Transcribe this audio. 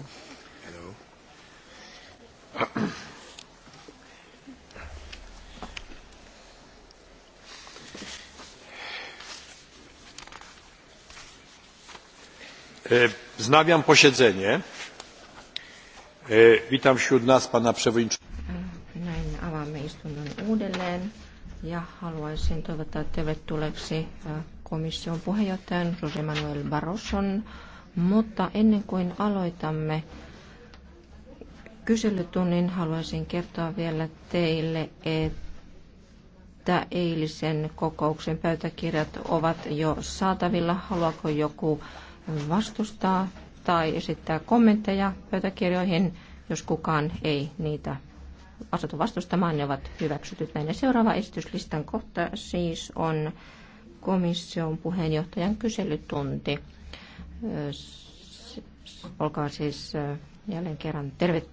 Hello. Hello. E, wznawiam posiedzenie. E, witam wśród nas pana przewodniczącego. E, näin avaamme istunnon uudelleen ja haluaisin toivottaa tervetulleeksi komission puheenjohtajan José Manuel Barroson mutta ennen kuin aloitamme kyselytunnin, haluaisin kertoa vielä teille, että eilisen kokouksen pöytäkirjat ovat jo saatavilla. Haluaako joku vastustaa tai esittää kommentteja pöytäkirjoihin, jos kukaan ei niitä asetu vastustamaan, ne ovat hyväksytyt näin. seuraava esityslistan kohta siis on komission puheenjohtajan kyselytunti. Olkaa siis jälleen kerran tervetuloa.